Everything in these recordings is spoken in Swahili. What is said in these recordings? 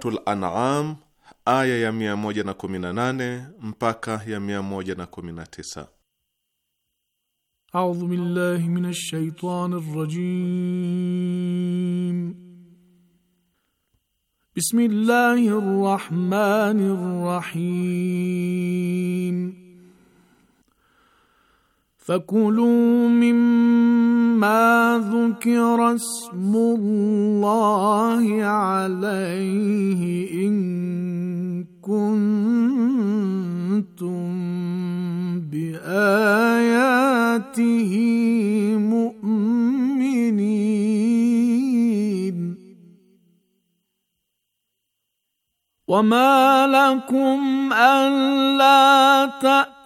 Suratul An'am aya ya 118 mpaka ya 119. A'udhu billahi minash shaitani rrajim. Bismillahir rahmanir rahim فكلوا مما ذكر اسم الله عليه ان كنتم باياته مؤمنين وما لكم الا تاتوا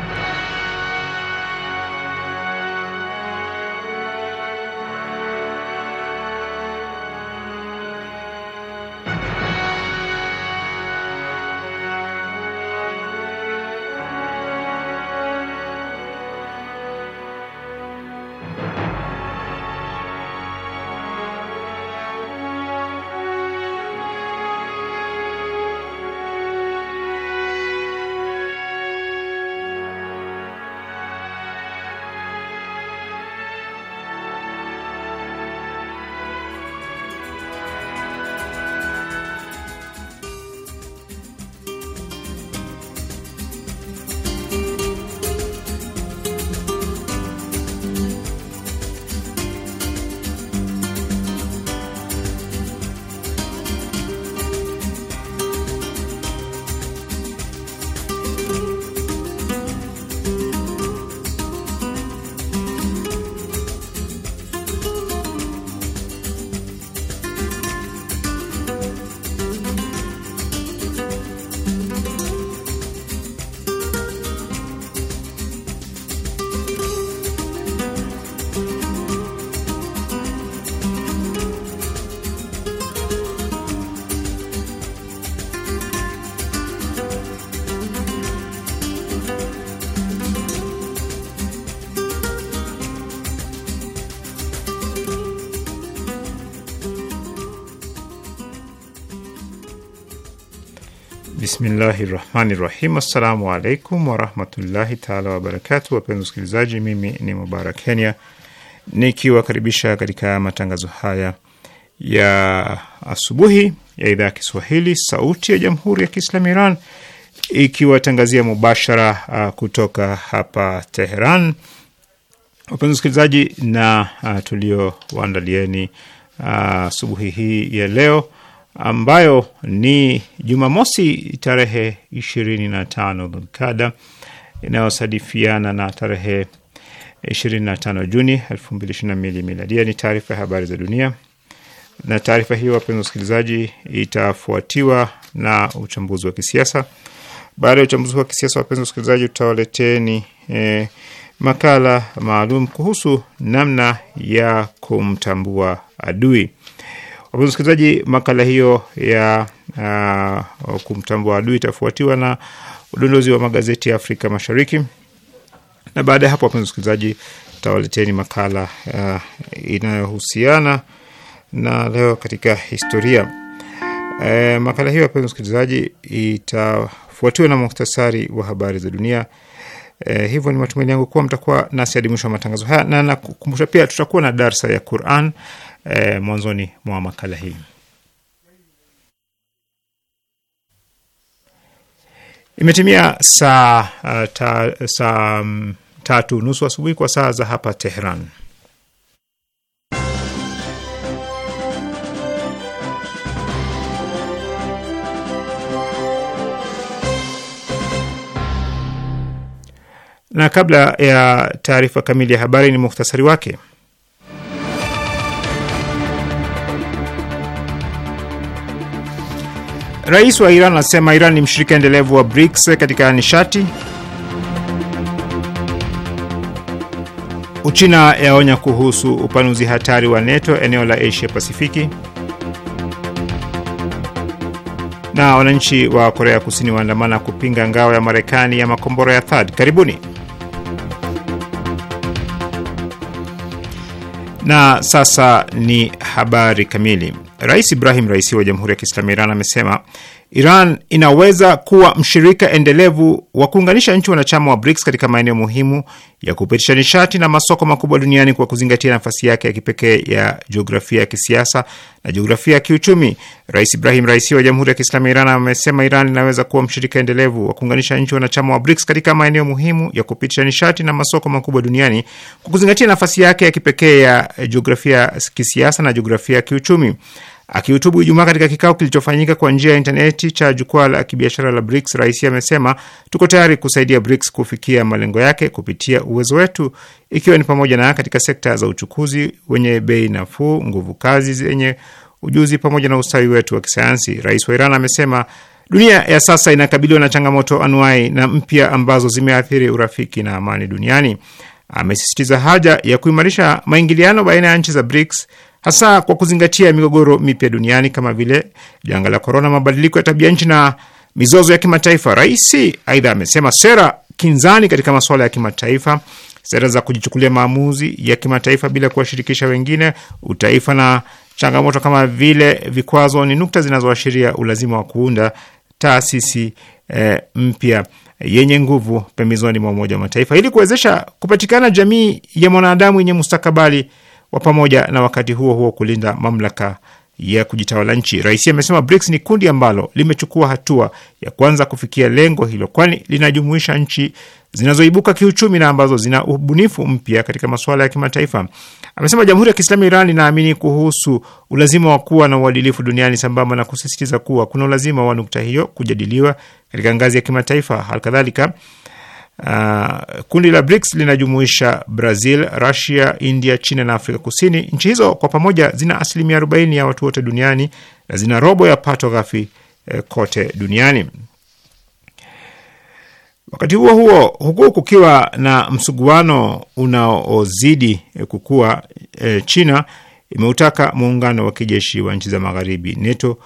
Bismillahi rahmani rahim. Assalamu alaikum warahmatullahi taala wabarakatu. Wapenzi wasikilizaji, mimi ni Mubarak Kenya nikiwakaribisha katika matangazo haya ya asubuhi ya idhaa ya Kiswahili sauti ya jamhuri ya Kiislamu Iran ikiwatangazia mubashara uh, kutoka hapa Teheran. Wapenzi wasikilizaji, na uh, tuliowaandalieni uh, asubuhi uh, hii ya leo ambayo ni Jumamosi tarehe ishirini na tano Dhulkada inayosadifiana na tarehe 25 Juni 2022 miladia. Ni taarifa ya habari za dunia, na taarifa hiyo, wapenzi wasikilizaji, itafuatiwa na uchambuzi wa kisiasa. Baada ya uchambuzi wa kisiasa, wapenzi wasikilizaji, tutawaleteni eh, makala maalum kuhusu namna ya kumtambua adui. Wapenzi wasikilizaji, makala hiyo ya uh, kumtambua adui itafuatiwa na udondozi wa magazeti ya Afrika Mashariki, na baada ya hapo, wapenzi wasikilizaji, tawaleteni makala uh, inayohusiana na leo katika historia. E, makala hiyo wapenzi wasikilizaji, itafuatiwa na muhtasari wa habari za dunia. E, hivyo ni matumaini yangu kuwa mtakuwa nasi hadi mwisho wa matangazo haya, na nakukumbusha pia tutakuwa na darsa ya Quran eh, mwanzoni mwa makala hii. Imetimia saa eh, ta, saa mm, tatu nusu asubuhi kwa saa za hapa Tehran. Na kabla ya taarifa kamili ya habari, ni muhtasari wake. Rais wa Iran anasema Iran ni mshirika endelevu wa BRICS katika nishati. Uchina yaonya kuhusu upanuzi hatari wa NATO eneo la Asia Pasifiki, na wananchi wa Korea Kusini waandamana kupinga ngao ya Marekani ya makombora ya THAD. Karibuni. Na sasa ni habari kamili. Rais Ibrahim Raisi wa Jamhuri ya Kiislamu ya Iran amesema Iran inaweza kuwa mshirika endelevu wa kuunganisha nchi wanachama wa BRICS katika maeneo muhimu ya kupitisha nishati na masoko makubwa duniani kwa kuzingatia nafasi yake ya kipekee ya jiografia ya kisiasa na jiografia ya kiuchumi. Rais Ibrahim Raisi wa Jamhuri ya Kiislamu ya Iran amesema Iran inaweza kuwa mshirika endelevu wa kuunganisha nchi wanachama wa BRICS katika maeneo muhimu ya kupitisha nishati na masoko makubwa duniani kwa kuzingatia nafasi yake ya kipekee ya jiografia ya kisiasa na jiografia ya kiuchumi. Akihutubu Ijumaa katika kikao kilichofanyika kwa njia ya intaneti cha jukwaa la kibiashara la BRICS, rais amesema tuko tayari kusaidia BRICS kufikia malengo yake kupitia uwezo wetu, ikiwa ni pamoja na katika sekta za uchukuzi wenye bei nafuu, nguvu kazi zenye ujuzi, pamoja na ustawi wetu wa kisayansi. Rais wa Iran amesema dunia ya sasa inakabiliwa na changamoto anuai na mpya ambazo zimeathiri urafiki na amani duniani. Amesisitiza haja ya kuimarisha maingiliano baina ya nchi za BRICS hasa kwa kuzingatia migogoro mipya duniani kama vile janga la korona, mabadiliko ya tabia nchi na mizozo ya kimataifa. Rais aidha amesema sera kinzani katika masuala ya kimataifa, sera za kujichukulia maamuzi ya kimataifa bila kuwashirikisha wengine, utaifa na changamoto kama vile vikwazo ni nukta zinazoashiria ulazima wa kuunda taasisi e, mpya yenye nguvu pembezoni mwa Umoja wa Mataifa ili kuwezesha kupatikana jamii ya mwanadamu yenye mustakabali wa pamoja na wakati huo huo kulinda mamlaka ya kujitawala nchi. Rais amesema BRICS ni kundi ambalo limechukua hatua ya kwanza kufikia lengo hilo, kwani linajumuisha nchi zinazoibuka kiuchumi na ambazo zina ubunifu mpya katika masuala ya kimataifa. Amesema Jamhuri ya Kiislamu Iran inaamini kuhusu ulazima wa kuwa na uadilifu duniani sambamba na kusisitiza kuwa kuna ulazima wa nukta hiyo kujadiliwa katika ngazi ya kimataifa. Halikadhalika Uh, kundi la BRICS linajumuisha Brazil, Russia, India, China na Afrika Kusini. Nchi hizo kwa pamoja zina asilimia 40 ya watu wote duniani na zina robo ya pato ghafi eh, kote duniani. Wakati huo huo, huku kukiwa na msuguano unaozidi eh, kukua, eh, China imeutaka muungano wa kijeshi wa nchi za magharibi NATO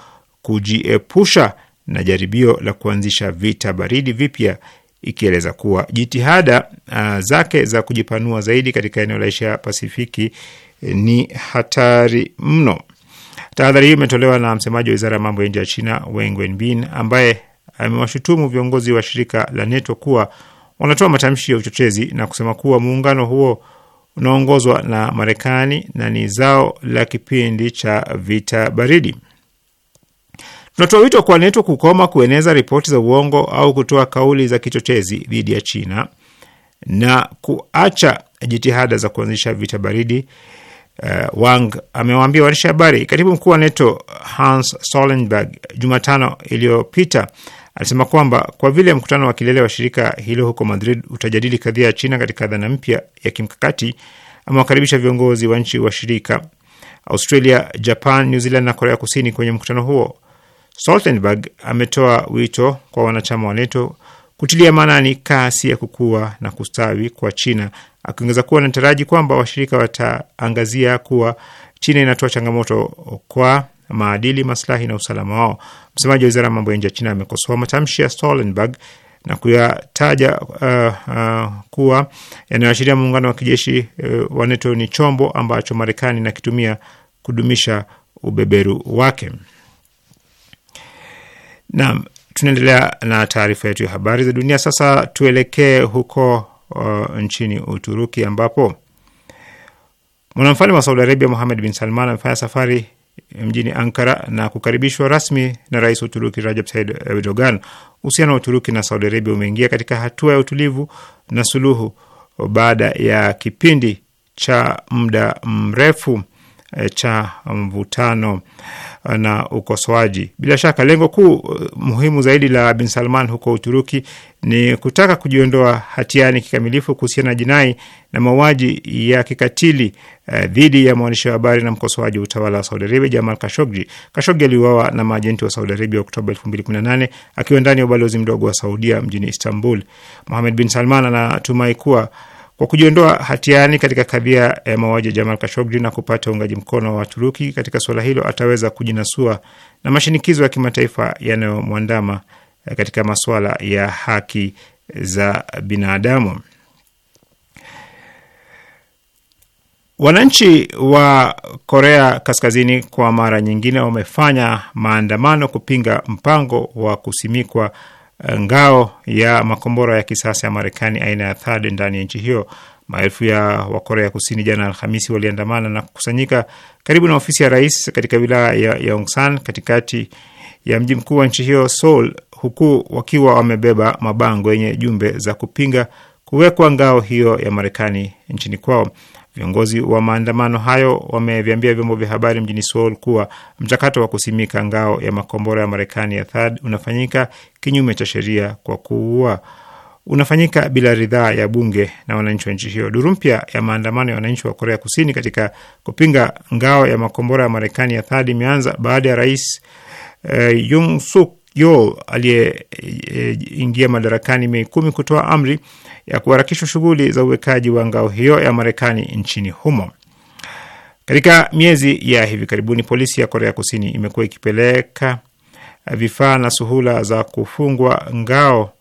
kujiepusha na jaribio la kuanzisha vita baridi vipya ikieleza kuwa jitihada uh, zake za kujipanua zaidi katika eneo la Asia Pasifiki eh, ni hatari mno. Tahadhari hiyo imetolewa na msemaji wa wizara ya mambo ya nje ya China Wang Wenbin ambaye amewashutumu viongozi wa shirika la NATO kuwa wanatoa matamshi ya uchochezi na kusema kuwa muungano huo unaongozwa na Marekani na ni zao la kipindi cha vita baridi. Tunatoa wito kwa NETO kukoma kueneza ripoti za uongo au kutoa kauli za kichochezi dhidi ya China na kuacha jitihada za kuanzisha vita baridi. Uh, Wang amewaambia waandishi habari. Katibu mkuu wa NATO Hans Stoltenberg Jumatano iliyopita alisema kwamba kwa vile mkutano wa kilele wa shirika hilo huko Madrid utajadili kadhia ya China katika dhana mpya ya kimkakati, amewakaribisha viongozi wa nchi wa shirika Australia, Japan, New Zealand na Korea Kusini kwenye mkutano huo. Stoltenberg ametoa wito kwa wanachama wa NATO kutilia maanani kasi ya kukua na kustawi kwa China, akiongeza kuwa anataraji kwamba washirika wataangazia kuwa China inatoa changamoto kwa maadili, maslahi na usalama wao. Msemaji wa wizara ya mambo ya nje ya China amekosoa matamshi ya Stoltenberg na kuyataja uh, uh, kuwa yanayoashiria muungano wa kijeshi uh, wa NATO ni chombo ambacho Marekani inakitumia kudumisha ubeberu wake. Naam, tunaendelea na, na taarifa yetu ya habari za dunia. Sasa tuelekee huko uh, nchini Uturuki ambapo mwanamfalme wa Saudi Arabia muhamed bin Salman amefanya safari mjini Ankara na kukaribishwa rasmi na rais wa Uturuki Rajab Tayyip Erdogan. Uhusiano wa Uturuki na Saudi Arabia umeingia katika hatua ya utulivu na suluhu baada ya kipindi cha muda mrefu Eh, cha mvutano eh, na ukosoaji. Bila shaka lengo kuu eh, muhimu zaidi la bin Salman huko Uturuki ni kutaka kujiondoa hatiani kikamilifu kuhusiana na jinai na mauaji ya kikatili dhidi ya mwandishi wa habari na mkosoaji wa utawala wa Saudi Arabia Jamal Kashogji. Kashogji aliuawa na maajenti wa Saudi Arabia Oktoba 2018 akiwa ndani ya ubalozi mdogo wa Saudia mjini Istanbul. Mohamed bin Salman anatumai kuwa kwa kujiondoa hatiani katika kadhia ya mauaji ya Jamal Khashoggi na kupata uungaji mkono wa Turuki katika suala hilo, ataweza kujinasua na mashinikizo ya kimataifa yanayomwandama eh, katika masuala ya haki za binadamu. Wananchi wa Korea Kaskazini kwa mara nyingine wamefanya maandamano kupinga mpango wa kusimikwa Eh, ngao ya makombora ya kisasa ya Marekani aina ya Thad ndani ya nchi hiyo. Maelfu ya Wakorea Kusini jana Alhamisi waliandamana na kukusanyika karibu na ofisi ya rais katika wilaya ya Yongsan katikati ya mji mkuu wa nchi hiyo Seoul, huku wakiwa wamebeba mabango yenye jumbe za kupinga kuwekwa ngao hiyo ya Marekani nchini kwao. Viongozi wa maandamano hayo wameviambia vyombo vya habari mjini Seoul kuwa mchakato wa kusimika ngao ya makombora ya Marekani ya THAD unafanyika kinyume cha sheria kwa kuwa unafanyika bila ridhaa ya bunge na wananchi wa nchi hiyo. Duru mpya ya maandamano ya wananchi wa Korea Kusini katika kupinga ngao ya makombora ya Marekani ya THAD imeanza baada ya rais eh, Yung Suk Yo aliyeingia e, madarakani Mei kumi kutoa amri ya kuharakishwa shughuli za uwekaji wa ngao hiyo ya Marekani nchini humo. Katika miezi ya hivi karibuni, polisi ya Korea Kusini imekuwa ikipeleka vifaa na suhula za kufungwa ngao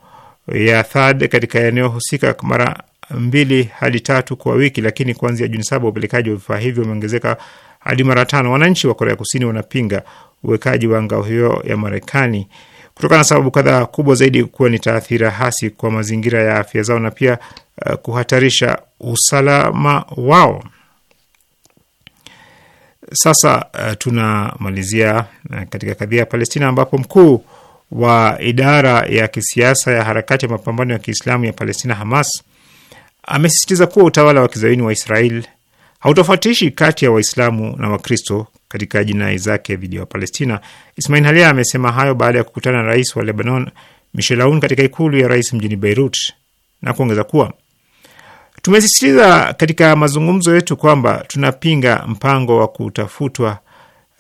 ya THAD katika eneo husika mara mbili hadi tatu kwa wiki, lakini kuanzia Juni saba upelekaji wa vifaa hivyo umeongezeka hadi mara tano. Wananchi wa Korea Kusini wanapinga uwekaji wa ngao hiyo ya Marekani kutokana na sababu kadhaa, kubwa zaidi kuwa ni taathira hasi kwa mazingira ya afya zao na pia uh, kuhatarisha usalama wao. Sasa uh, tunamalizia uh, katika kadhia ya Palestina ambapo mkuu wa idara ya kisiasa ya harakati ya mapambano ya Kiislamu ya Palestina Hamas amesisitiza kuwa utawala wa kizayuni wa Israel hautofautishi kati ya Waislamu na Wakristo katika jinai zake dhidi ya Wapalestina. Ismail Halia amesema hayo baada ya kukutana na rais wa Lebanon Michel Aoun katika ikulu ya rais mjini Beirut na kuongeza kuwa tumesisitiza katika mazungumzo yetu kwamba tunapinga mpango wa kutafutwa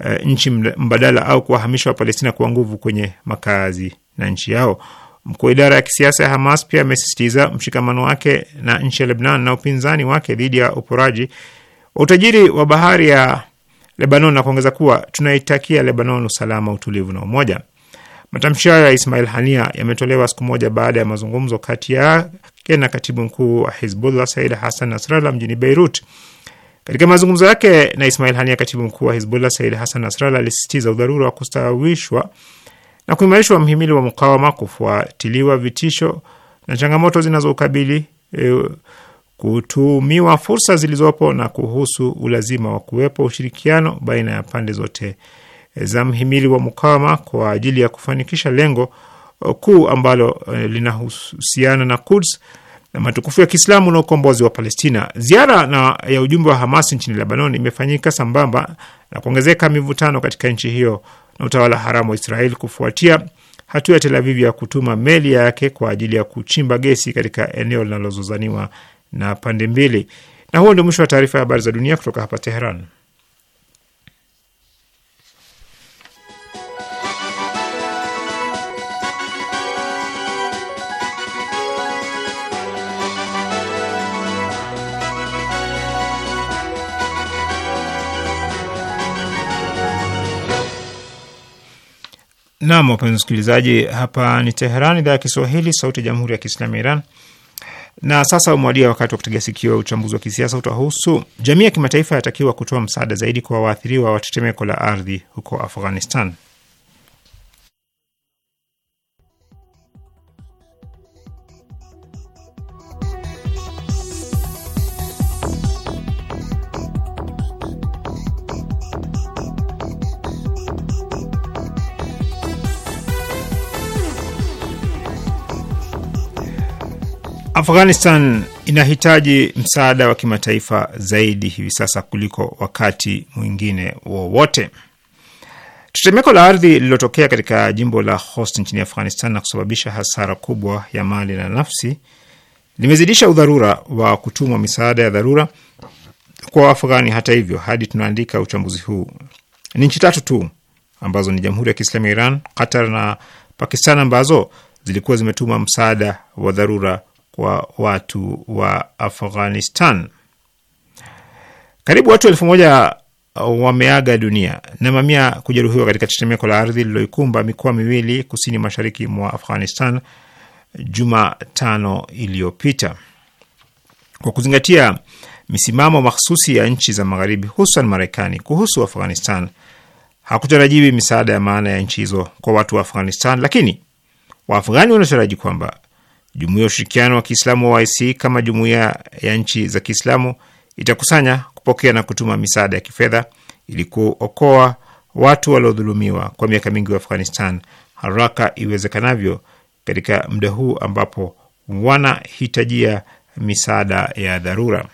uh, nchi mbadala au kuwahamisha Wapalestina kwa nguvu kwenye makazi na nchi yao. Mkuu wa idara ya kisiasa ya Hamas pia amesisitiza mshikamano wake na nchi ya Lebnan na upinzani wake dhidi ya uporaji wa utajiri wa bahari ya Lebanon na kuongeza kuwa tunaitakia Lebanon usalama, utulivu na umoja. Matamshi hayo ya Ismail Hania yametolewa siku moja baada ya mazungumzo kati yake na katibu mkuu wa Hizbullah Said Hassan Nasrallah mjini Beirut. Katika mazungumzo yake na Ismail Hania, katibu mkuu wa Hizbullah Said Hassan Nasrallah alisisitiza udharura wa kustawishwa na kuimarishwa mhimili wa mkawama kufuatiliwa vitisho na changamoto zinazoukabili eh, kutumiwa fursa zilizopo na kuhusu ulazima wa kuwepo ushirikiano baina ya pande zote za mhimili wa mukawama kwa ajili ya kufanikisha lengo uh, kuu ambalo uh, linahusiana na Quds na matukufu ya Kiislamu na ukombozi wa Palestina. Ziara na ya ujumbe wa Hamas nchini Lebanon imefanyika sambamba na kuongezeka mivutano katika nchi hiyo na utawala haramu wa Israeli kufuatia hatua ya Tel Aviv ya kutuma meli yake kwa ajili ya kuchimba gesi katika eneo linalozozaniwa na pande mbili. Na huo ndio mwisho wa taarifa ya habari za dunia kutoka hapa Teheran. Nam, wapenzi msikilizaji, hapa ni Teheran, idhaa ya Kiswahili, sauti ya jamhuri ya kiislamu ya Iran. Na sasa umewadia wakati wa kutega sikio ya uchambuzi wa kisiasa. Utahusu jamii ya kimataifa yatakiwa kutoa msaada zaidi kwa waathiriwa wa tetemeko la ardhi huko Afghanistan. Afghanistan inahitaji msaada wa kimataifa zaidi hivi sasa kuliko wakati mwingine wowote. Tetemeko la ardhi lililotokea katika jimbo la Host nchini Afghanistan na kusababisha hasara kubwa ya mali na nafsi limezidisha udharura wa kutumwa misaada ya dharura kwa afghani Hata hivyo, hadi tunaandika uchambuzi huu, ni nchi tatu tu ambazo ni Jamhuri ya Kiislamu ya Iran, Qatar na Pakistan ambazo zilikuwa zimetuma msaada wa dharura kwa watu wa Afghanistan. Karibu watu elfu moja uh, wameaga dunia na mamia kujeruhiwa katika tetemeko la ardhi lililoikumba mikoa miwili kusini mashariki mwa Afghanistan Jumatano iliyopita. Kwa kuzingatia misimamo mahsusi ya nchi za Magharibi, hususan Marekani, kuhusu Afghanistan, hakutarajiwi misaada ya maana ya nchi hizo kwa watu wa Afghanistan, lakini Waafghani wanataraji kwamba Jumuiya ya Ushirikiano wa Kiislamu wa OIC kama jumuiya ya nchi za Kiislamu itakusanya, kupokea na kutuma misaada ya kifedha ili kuokoa watu waliodhulumiwa kwa miaka mingi wa Afghanistan haraka iwezekanavyo katika muda huu ambapo wanahitajia misaada ya dharura.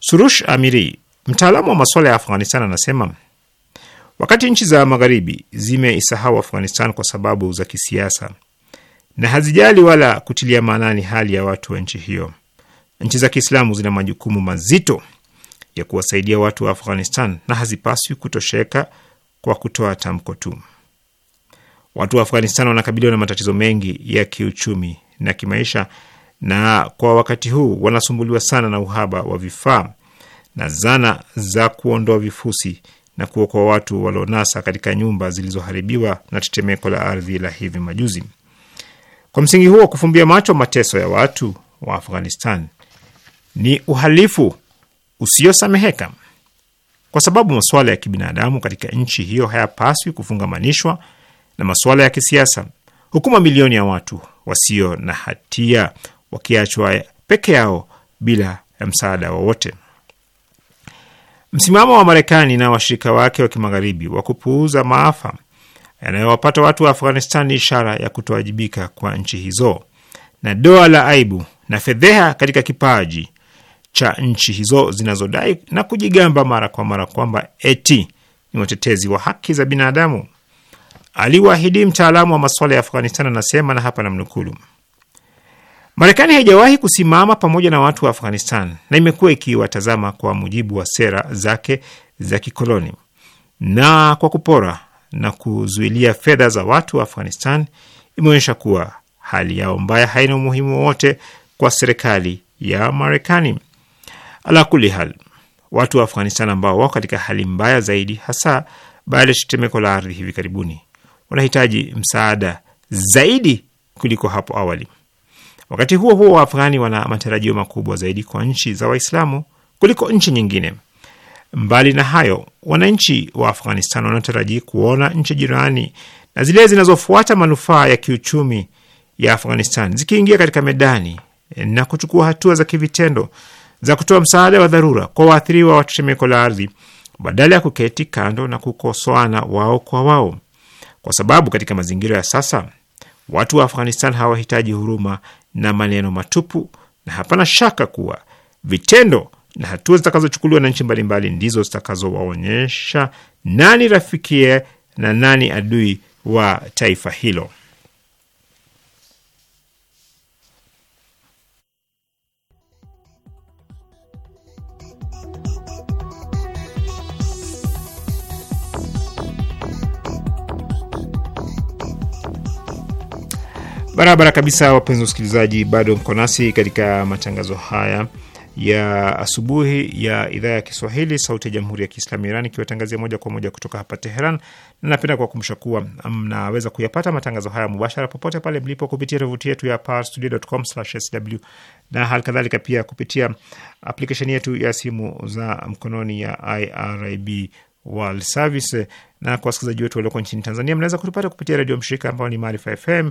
Surush Amiri, mtaalamu wa masuala ya Afghanistan, anasema wakati nchi za Magharibi zimeisahau Afghanistan kwa sababu za kisiasa na hazijali wala kutilia maanani hali ya watu wa nchi hiyo. Nchi za Kiislamu zina majukumu mazito ya kuwasaidia watu wa Afghanistan na hazipaswi kutosheka kwa kutoa tamko tu. Watu wa Afghanistan wanakabiliwa na matatizo mengi ya kiuchumi na kimaisha, na kwa wakati huu wanasumbuliwa sana na uhaba wa vifaa na zana za kuondoa vifusi na kuokoa watu walionasa katika nyumba zilizoharibiwa na tetemeko la ardhi la hivi majuzi. Kwa msingi huo, kufumbia macho mateso ya watu wa Afghanistan ni uhalifu usiosameheka, kwa sababu masuala ya kibinadamu katika nchi hiyo hayapaswi kufungamanishwa na masuala ya kisiasa, huku mamilioni ya watu wasio na hatia wakiachwa peke yao bila ya msaada wowote. Msimamo wa Marekani na washirika wake wa kimagharibi wa kupuuza maafa yanayowapata watu wa Afghanistan ni ishara ya kutowajibika kwa nchi hizo na doa la aibu na fedheha katika kipaji cha nchi hizo zinazodai na kujigamba mara kwa mara kwamba eti ni watetezi wa haki za binadamu. Aliwahidi mtaalamu wa masuala ya Afghanistan anasema, na hapa namnukulu: Marekani haijawahi kusimama pamoja na watu wa Afghanistan na imekuwa ikiwatazama kwa mujibu wa sera zake za kikoloni na kwa kupora na kuzuilia fedha za watu wa Afghanistan imeonyesha kuwa hali yao mbaya haina umuhimu wowote kwa serikali ya Marekani. Ala kuli hal, watu wa Afghanistan ambao wako katika hali mbaya zaidi, hasa baada ya tetemeko la ardhi hivi karibuni, wanahitaji msaada zaidi kuliko hapo awali. Wakati huo huo, Waafghani wana matarajio makubwa zaidi kwa nchi za Waislamu kuliko nchi nyingine. Mbali na hayo, wananchi wa Afghanistan wanaotaraji kuona nchi jirani na zile zinazofuata manufaa ya kiuchumi ya Afghanistan zikiingia katika medani na kuchukua hatua za kivitendo za kutoa msaada wa dharura kwa waathiriwa wa tetemeko la ardhi badala ya kuketi kando na kukosoana wao kwa wao, kwa sababu katika mazingira ya sasa watu wa Afghanistan hawahitaji huruma na maneno matupu, na hapana shaka kuwa vitendo na hatua zitakazochukuliwa na nchi mbalimbali ndizo zitakazowaonyesha nani rafikie na nani adui wa taifa hilo. Barabara kabisa, wapenzi wasikilizaji, bado mko nasi katika matangazo haya ya asubuhi ya idhaa ya Kiswahili sauti ya jamhuri ya Kiislamu Iran ikiwatangazia moja kwa moja kutoka hapa Teheran, na napenda kuwakumbusha kuwa mnaweza um, kuyapata matangazo haya mubashara popote pale mlipo kupitia tovuti yetu ya parstoday.com/sw na hali kadhalika pia kupitia aplikesheni yetu ya simu za mkononi ya IRIB World Service na kwa wasikilizaji wetu walioko nchini Tanzania, mnaweza kutupata kupitia redio mshirika ambao ni Maarifa FM,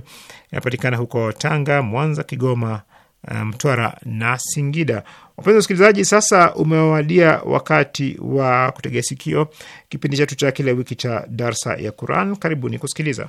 inapatikana huko Tanga, Mwanza, Kigoma Um, Mtwara na Singida. Wapenzi wasikilizaji, sasa umewadia wakati wa kutegea sikio kipindi chetu cha kila wiki cha darsa ya Quran. Karibuni kusikiliza.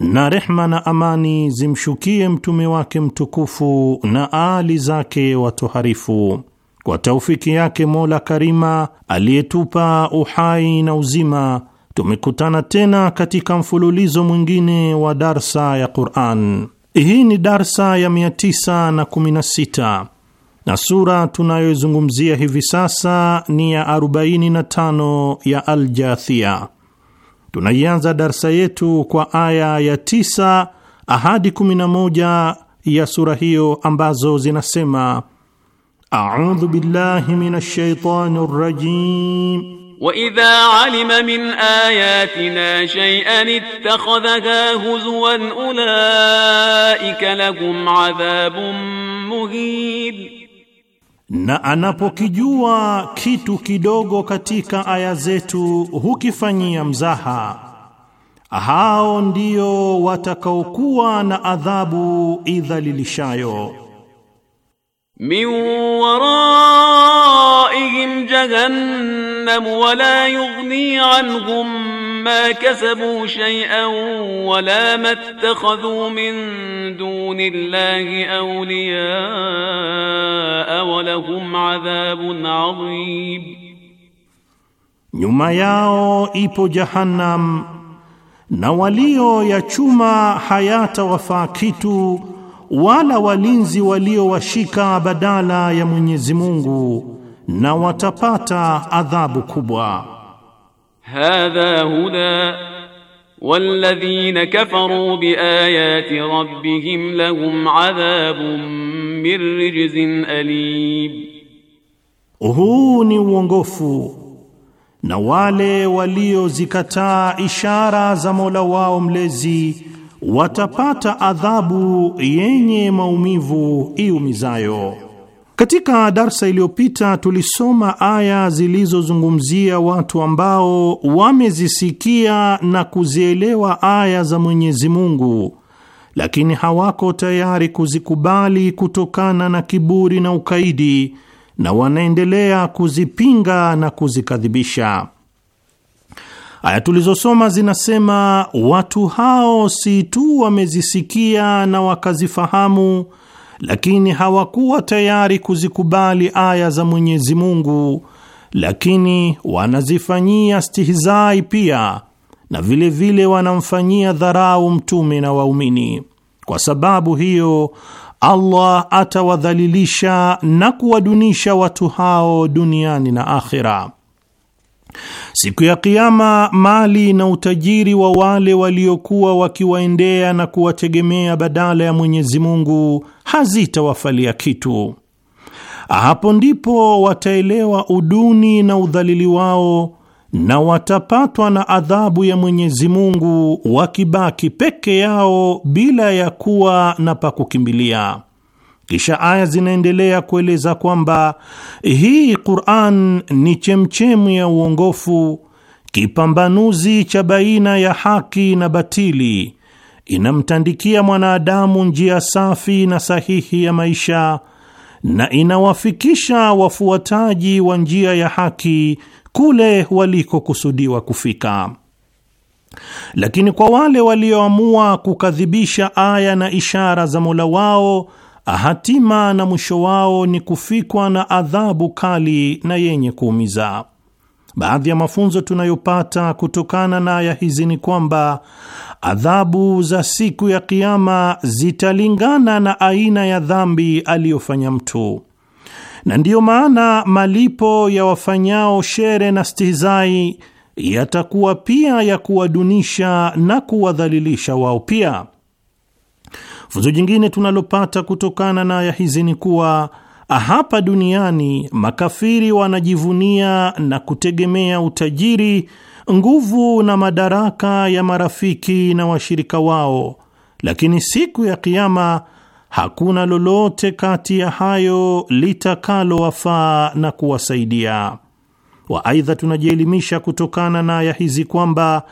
na rehma na amani zimshukie mtume wake mtukufu na aali zake watoharifu. Kwa taufiki yake Mola Karima aliyetupa uhai na uzima, tumekutana tena katika mfululizo mwingine wa darsa ya Quran. Hii ni darsa ya 916 na sura tunayoizungumzia hivi sasa ni ya 45 ya Aljathia. Tunaianza darsa yetu kwa aya ya tisa ahadi kumi na moja ya sura hiyo ambazo zinasema: audhu billahi minash shaitani rajim wa idha alima min ayatina shay'an ittakhadhaha huzwan ulaika lahum adhabun muhin na anapokijua kitu kidogo katika aya zetu hukifanyia mzaha. Hao ndio watakaokuwa na adhabu idhalilishayo. min waraihim jahannam wala yughni anhum ما كسبوا شيئا ولا ما اتخذوا من دون الله أولياء ولهم عذاب عظيم Nyuma yao ipo Jahannam na walioyachuma hayatawafaa kitu wala walinzi waliowashika badala ya Mwenyezi Mungu na watapata adhabu kubwa hadha huda walladhina kafaru biayati rabbihim lahum adhabun min rijzin alim, huu ni uongofu na wale waliozikataa ishara za Mola wao mlezi watapata adhabu yenye maumivu iumizayo. Katika darsa iliyopita tulisoma aya zilizozungumzia watu ambao wamezisikia na kuzielewa aya za Mwenyezi Mungu, lakini hawako tayari kuzikubali kutokana na kiburi na ukaidi, na wanaendelea kuzipinga na kuzikadhibisha. Aya tulizosoma zinasema watu hao si tu wamezisikia na wakazifahamu lakini hawakuwa tayari kuzikubali aya za Mwenyezi Mungu, lakini wanazifanyia stihizai pia na vilevile vile wanamfanyia dharau mtume na waumini. Kwa sababu hiyo, Allah atawadhalilisha na kuwadunisha watu hao duniani na akhira. Siku ya Kiama, mali na utajiri wa wale waliokuwa wakiwaendea na kuwategemea badala ya Mwenyezi Mungu hazitawafalia kitu. Hapo ndipo wataelewa uduni na udhalili wao na watapatwa na adhabu ya Mwenyezi Mungu wakibaki peke yao bila ya kuwa na pa kukimbilia. Kisha aya zinaendelea kueleza kwamba hii Qur'an ni chemchemu ya uongofu, kipambanuzi cha baina ya haki na batili, inamtandikia mwanadamu njia safi na sahihi ya maisha na inawafikisha wafuataji wa njia ya haki kule walikokusudiwa kufika. Lakini kwa wale walioamua kukadhibisha aya na ishara za Mola wao hatima na mwisho wao ni kufikwa na adhabu kali na yenye kuumiza. Baadhi ya mafunzo tunayopata kutokana na aya hizi ni kwamba adhabu za siku ya Kiama zitalingana na aina ya dhambi aliyofanya mtu, na ndiyo maana malipo ya wafanyao shere na stihizai yatakuwa pia ya kuwadunisha na kuwadhalilisha wao pia. Funzo jingine tunalopata kutokana na aya hizi ni kuwa hapa duniani makafiri wanajivunia na kutegemea utajiri, nguvu na madaraka ya marafiki na washirika wao, lakini siku ya Kiama hakuna lolote kati ya hayo litakalowafaa na kuwasaidia wa. Aidha, tunajielimisha kutokana na aya hizi kwamba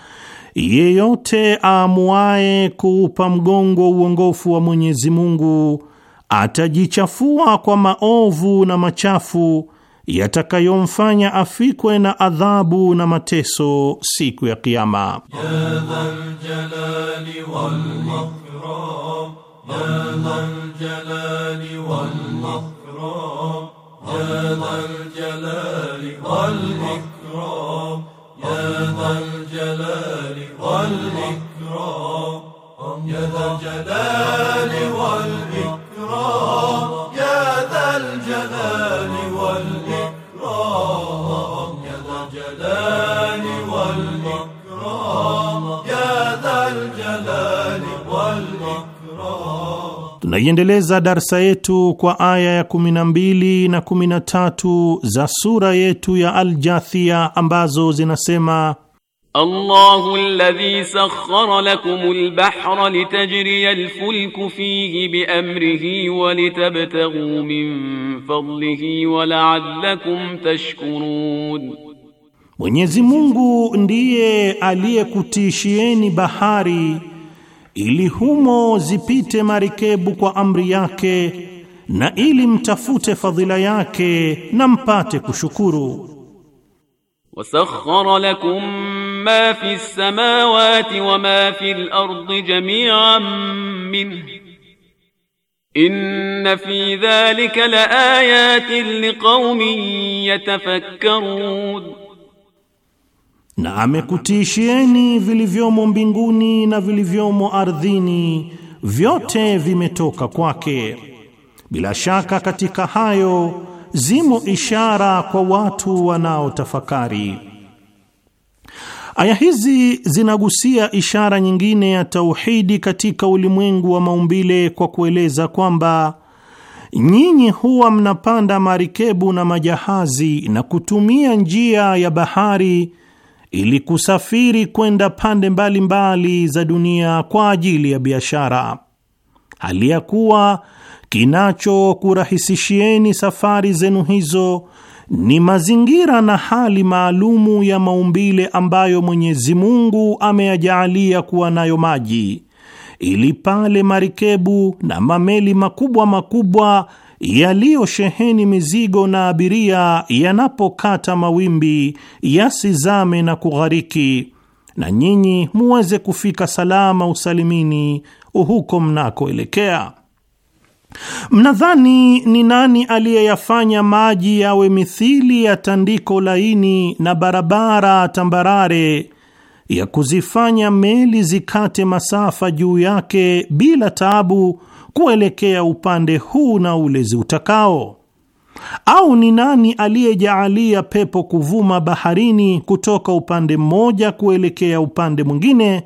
yeyote aamuaye kuupa mgongo uongofu wa Mwenyezi Mungu atajichafua kwa maovu na machafu yatakayomfanya afikwe na adhabu na mateso siku ya Kiyama. يا ذا الجلال والإكرام يا ذا الجلال والإكرام يا ذا الجلال والإكرام يا ذا الجلال Tunaiendeleza darsa yetu kwa aya ya 12 na 13 za sura yetu ya Aljathia ambazo zinasema: Allahu alladhi sakhkhara al bahra al fulku fihi amrihi wa litabtaghu min fadlihi wa la'allakum tashkurun, Mwenyezi Mungu ndiye aliyekutishieni bahari ili humo zipite marikebu kwa amri yake na ili mtafute fadhila yake na mpate kushukuru. wasakhkhara lakum ma fi samawati wa ma fi al-ardi jami'an min inna fi dhalika laayatin liqaumin yatafakkarun na amekutiishieni vilivyomo mbinguni na vilivyomo ardhini, vyote vimetoka kwake. Bila shaka katika hayo zimo ishara kwa watu wanaotafakari. Aya hizi zinagusia ishara nyingine ya tauhidi katika ulimwengu wa maumbile kwa kueleza kwamba nyinyi huwa mnapanda marikebu na majahazi na kutumia njia ya bahari ili kusafiri kwenda pande mbalimbali mbali za dunia kwa ajili ya biashara, hali ya kuwa kinachokurahisishieni safari zenu hizo ni mazingira na hali maalumu ya maumbile ambayo Mwenyezi Mungu ameyajaalia kuwa nayo maji, ili pale marikebu na mameli makubwa makubwa yaliyosheheni mizigo na abiria yanapokata mawimbi yasizame na kughariki, na nyinyi muweze kufika salama usalimini huko mnakoelekea. Mnadhani ni nani aliyeyafanya maji yawe mithili ya tandiko laini na barabara tambarare ya kuzifanya meli zikate masafa juu yake bila taabu kuelekea upande huu na ule ziutakao? Au ni nani aliyejaalia pepo kuvuma baharini kutoka upande mmoja kuelekea upande mwingine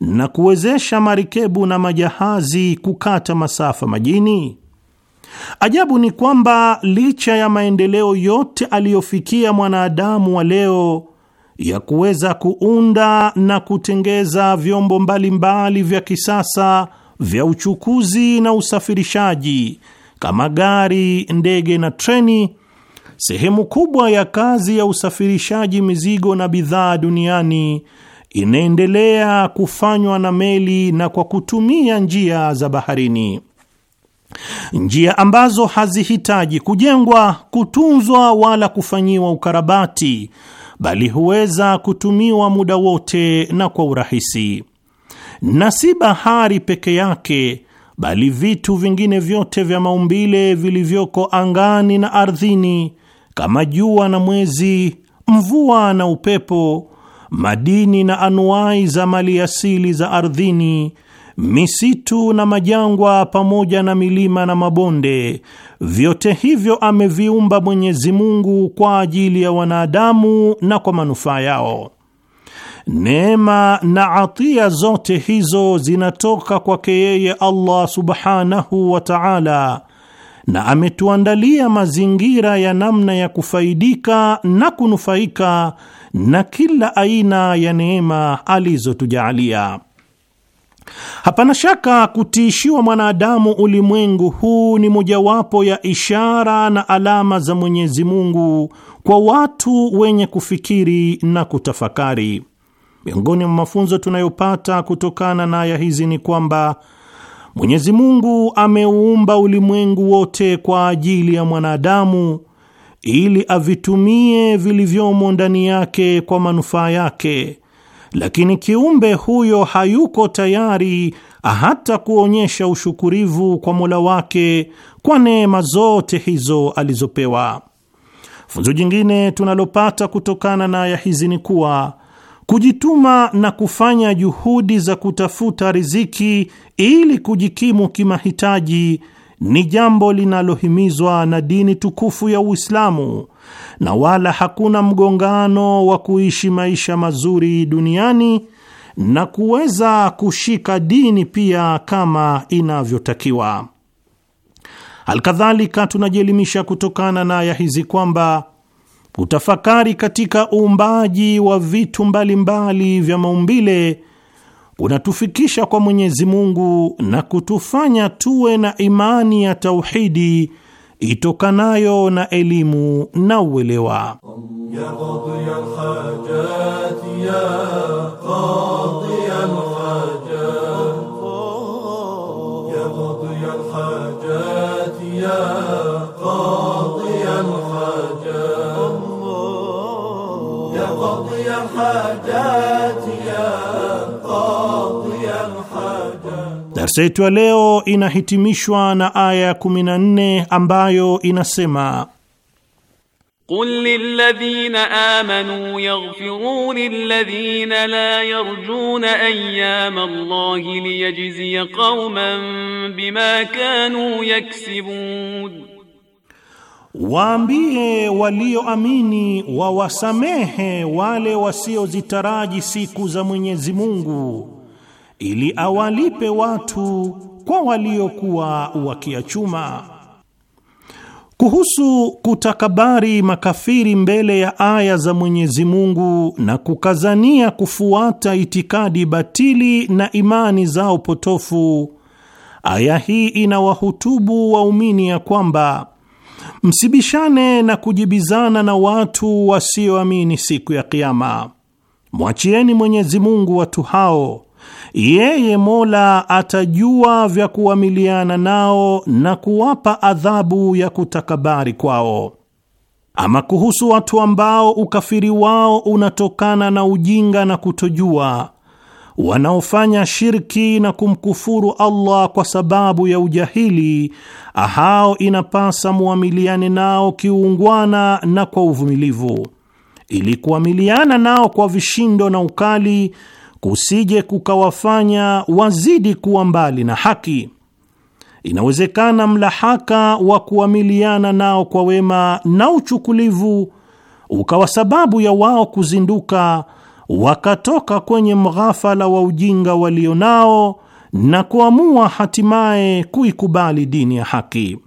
na kuwezesha marikebu na majahazi kukata masafa majini? Ajabu ni kwamba licha ya maendeleo yote aliyofikia mwanadamu wa leo ya kuweza kuunda na kutengeza vyombo mbalimbali mbali vya kisasa vya uchukuzi na usafirishaji kama gari, ndege na treni, sehemu kubwa ya kazi ya usafirishaji mizigo na bidhaa duniani inaendelea kufanywa na meli na kwa kutumia njia za baharini, njia ambazo hazihitaji kujengwa, kutunzwa wala kufanyiwa ukarabati, bali huweza kutumiwa muda wote na kwa urahisi na si bahari peke yake, bali vitu vingine vyote vya maumbile vilivyoko angani na ardhini, kama jua na mwezi, mvua na upepo, madini na anuai za mali asili za ardhini misitu na majangwa pamoja na milima na mabonde, vyote hivyo ameviumba Mwenyezi Mungu kwa ajili ya wanadamu na kwa manufaa yao. Neema na atia zote hizo zinatoka kwake yeye Allah subhanahu wa ta'ala, na ametuandalia mazingira ya namna ya kufaidika na kunufaika na kila aina ya neema alizotujaalia. Hapana shaka kutiishiwa mwanadamu ulimwengu huu ni mojawapo ya ishara na alama za Mwenyezi Mungu kwa watu wenye kufikiri na kutafakari. Miongoni mwa mafunzo tunayopata kutokana na aya hizi ni kwamba Mwenyezi Mungu ameuumba ulimwengu wote kwa ajili ya mwanadamu ili avitumie vilivyomo ndani yake kwa manufaa yake, lakini kiumbe huyo hayuko tayari hata kuonyesha ushukurivu kwa Mola wake kwa neema zote hizo alizopewa. Funzo jingine tunalopata kutokana na aya hizi ni kuwa kujituma na kufanya juhudi za kutafuta riziki ili kujikimu kimahitaji ni jambo linalohimizwa na dini tukufu ya Uislamu, na wala hakuna mgongano wa kuishi maisha mazuri duniani na kuweza kushika dini pia kama inavyotakiwa. Alkadhalika, tunajielimisha kutokana na aya hizi kwamba kutafakari katika uumbaji wa vitu mbalimbali mbali vya maumbile kunatufikisha kwa Mwenyezi Mungu na kutufanya tuwe na imani ya tauhidi itokanayo na elimu na uelewa. الحاجات يا قاضي الحاجات. Darsa yetu ya leo inahitimishwa na aya ya 14 ambayo inasema قل للذين آمنوا يغفروا للذين لا يرجون أيام الله ليجزي قوما بما كانوا يكسبون Waambie walioamini wawasamehe wale wasiozitaraji siku za Mwenyezi Mungu ili awalipe watu kwa waliokuwa wakiachuma. Kuhusu kutakabari makafiri mbele ya aya za Mwenyezi Mungu na kukazania kufuata itikadi batili na imani zao potofu, aya hii inawahutubu waumini ya kwamba Msibishane na kujibizana na watu wasioamini siku ya Kiama. Mwachieni Mwenyezi Mungu watu hao, yeye Mola atajua vya kuamiliana nao na kuwapa adhabu ya kutakabari kwao. Ama kuhusu watu ambao ukafiri wao unatokana na ujinga na kutojua wanaofanya shirki na kumkufuru Allah kwa sababu ya ujahili, hao inapasa muamiliane nao kiungwana na kwa uvumilivu, ili kuamiliana nao kwa vishindo na ukali kusije kukawafanya wazidi kuwa mbali na haki. Inawezekana mlahaka wa kuamiliana nao kwa wema na uchukulivu ukawa sababu ya wao kuzinduka wakatoka kwenye mghafala wa ujinga walio nao na kuamua hatimaye kuikubali dini ya haki.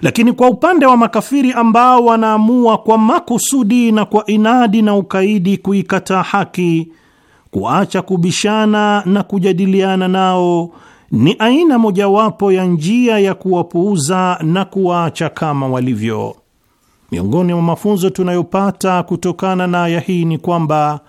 Lakini kwa upande wa makafiri ambao wanaamua kwa makusudi na kwa inadi na ukaidi kuikataa haki, kuacha kubishana na kujadiliana nao ni aina mojawapo ya njia ya kuwapuuza na kuwaacha kama walivyo. Miongoni mwa mafunzo tunayopata kutokana na aya hii ni kwamba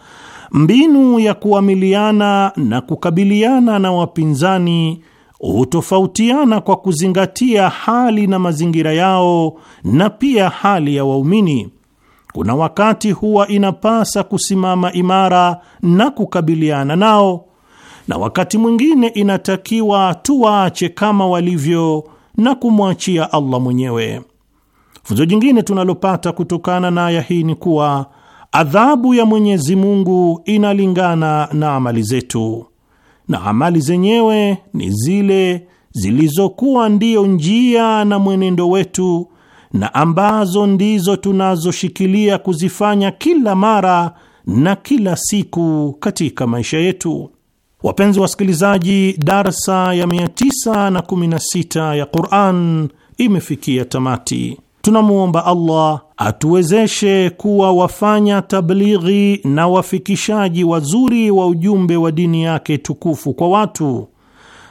Mbinu ya kuamiliana na kukabiliana na wapinzani hutofautiana kwa kuzingatia hali na mazingira yao na pia hali ya waumini. Kuna wakati huwa inapasa kusimama imara na kukabiliana nao, na wakati mwingine inatakiwa tuwaache kama walivyo na kumwachia Allah mwenyewe. Funzo jingine tunalopata kutokana na aya hii ni kuwa Adhabu ya Mwenyezi Mungu inalingana na amali zetu, na amali zenyewe ni zile zilizokuwa ndiyo njia na mwenendo wetu na ambazo ndizo tunazoshikilia kuzifanya kila mara na kila siku katika maisha yetu. Wapenzi wasikilizaji, darsa ya 916 ya Qur'an imefikia tamati. Tunamwomba Allah atuwezeshe kuwa wafanya tablighi na wafikishaji wazuri wa ujumbe wa dini yake tukufu kwa watu,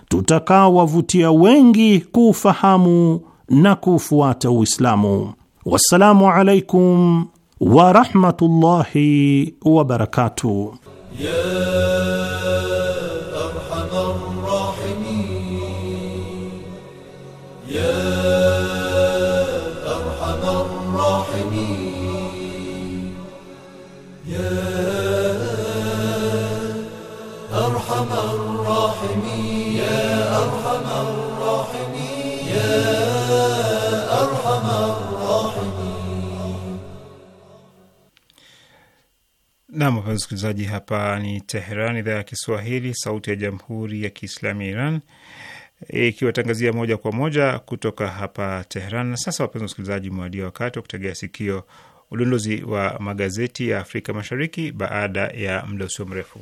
tutakaowavutia wengi kuufahamu na kuufuata Uislamu. Wassalamu alaikum warahmatullahi wabarakatuh. Nam, wapenzi msikilizaji, hapa ni Teheran, idhaa ya Kiswahili, sauti ya jamhuri ya kiislamu ya Iran ikiwatangazia e, moja kwa moja kutoka hapa Teheran. Na sasa, wapenzi wasikilizaji, umewadia wakati wa kutegea sikio udondozi wa magazeti ya Afrika Mashariki baada ya muda usio mrefu.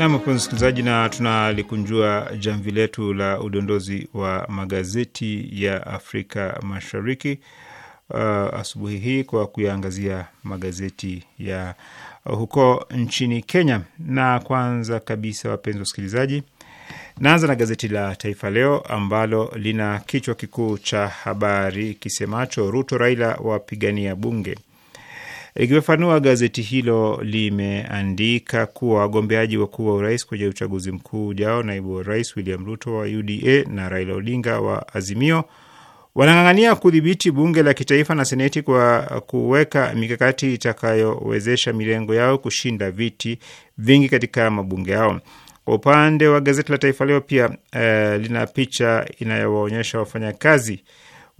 Nam kwa msikilizaji, na tunalikunjua jamvi letu la udondozi wa magazeti ya Afrika Mashariki uh, asubuhi hii kwa kuyaangazia magazeti ya huko nchini Kenya. Na kwanza kabisa, wapenzi wasikilizaji, naanza na gazeti la Taifa Leo ambalo lina kichwa kikuu cha habari kisemacho Ruto Raila wapigania bunge. Likifafanua, gazeti hilo limeandika kuwa wagombeaji wakuu wa urais kwenye uchaguzi mkuu ujao, naibu wa rais William Ruto wa UDA na Raila Odinga wa Azimio wanang'ang'ania kudhibiti bunge la kitaifa na seneti kwa kuweka mikakati itakayowezesha mirengo yao kushinda viti vingi katika mabunge yao. Kwa upande wa gazeti la Taifa Leo pia eh, lina picha inayowaonyesha wafanyakazi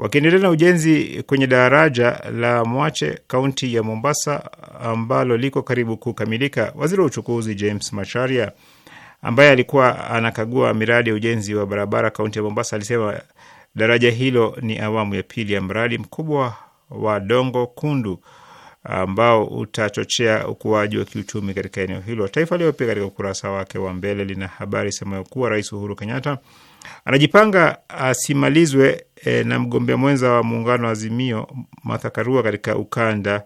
wakiendelea na ujenzi kwenye daraja la Mwache kaunti ya Mombasa ambalo liko karibu kukamilika. Waziri wa uchukuzi James Macharia ambaye alikuwa anakagua miradi ya ujenzi wa barabara kaunti ya Mombasa alisema daraja hilo ni awamu ya pili ya mradi mkubwa wa Dongo Kundu ambao utachochea ukuaji wa kiuchumi katika eneo hilo. Taifa Leo pia katika ukurasa wake wa mbele lina habari semayo kuwa Rais Uhuru Kenyatta anajipanga asimalizwe e, na mgombea mwenza wa muungano wa Azimio Martha Karua katika ukanda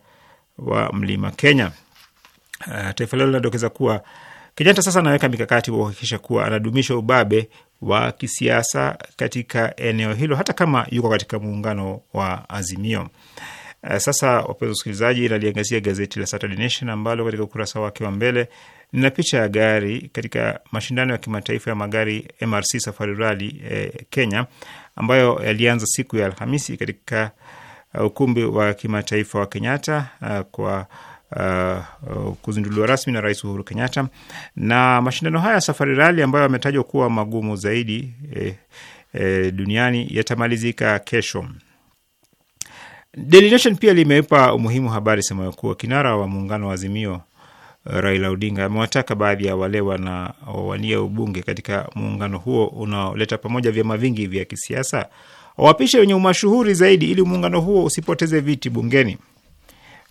wa mlima Kenya. Ah, taifa Leo linadokeza kuwa Kenyatta sasa anaweka mikakati wa kuhakikisha kuwa anadumisha ubabe wa kisiasa katika eneo hilo hata kama yuko katika muungano wa Azimio. Ah, sasa wapenzi wasikilizaji, naliangazia gazeti la Saturday Nation ambalo katika ukurasa wake wa mbele lina picha ya gari katika mashindano ya kimataifa ya magari MRC Safari Rally eh, Kenya ambayo yalianza siku ya Alhamisi katika uh, ukumbi wa kimataifa wa Kenyatta uh, kwa uh, uh, kuzinduliwa rasmi na Rais Uhuru Kenyatta. Na mashindano haya ya Safari Rally ambayo yametajwa kuwa magumu zaidi eh, eh, duniani yatamalizika kesho. Daily Nation pia limeipa umuhimu habari semayo kuwa kinara wa muungano wa Azimio Raila Odinga amewataka baadhi ya wale wanaowania ubunge katika muungano huo unaoleta pamoja vyama vingi vya kisiasa wapishe wenye umashuhuri zaidi ili muungano huo usipoteze viti bungeni,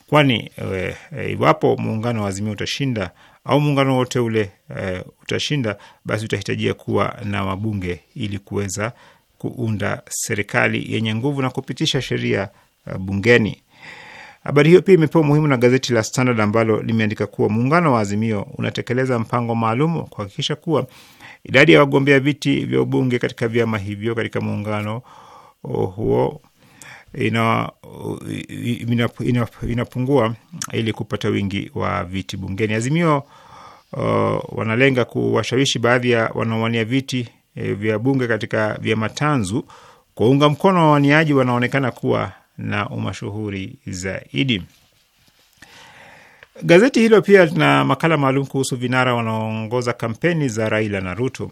kwani eh, iwapo e, e, muungano wa Azimio utashinda au muungano wote ule e, utashinda, basi utahitajia kuwa na wabunge ili kuweza kuunda serikali yenye nguvu na kupitisha sheria eh, bungeni. Habari hiyo pia imepewa umuhimu na gazeti la Standard ambalo limeandika kuwa muungano wa Azimio unatekeleza mpango maalum kuhakikisha kuwa idadi ya wagombea viti vya ubunge katika vyama hivyo katika muungano uh, huo ina, uh, ina, ina, inapungua ili kupata wingi wa viti bungeni. Azimio uh, wanalenga kuwashawishi baadhi ya wanaowania viti eh, vya bunge katika vyama tanzu kwa unga mkono wa wawaniaji wanaonekana kuwa na umashuhuri zaidi. Gazeti hilo pia lina makala maalum kuhusu vinara wanaoongoza kampeni za Raila na Ruto.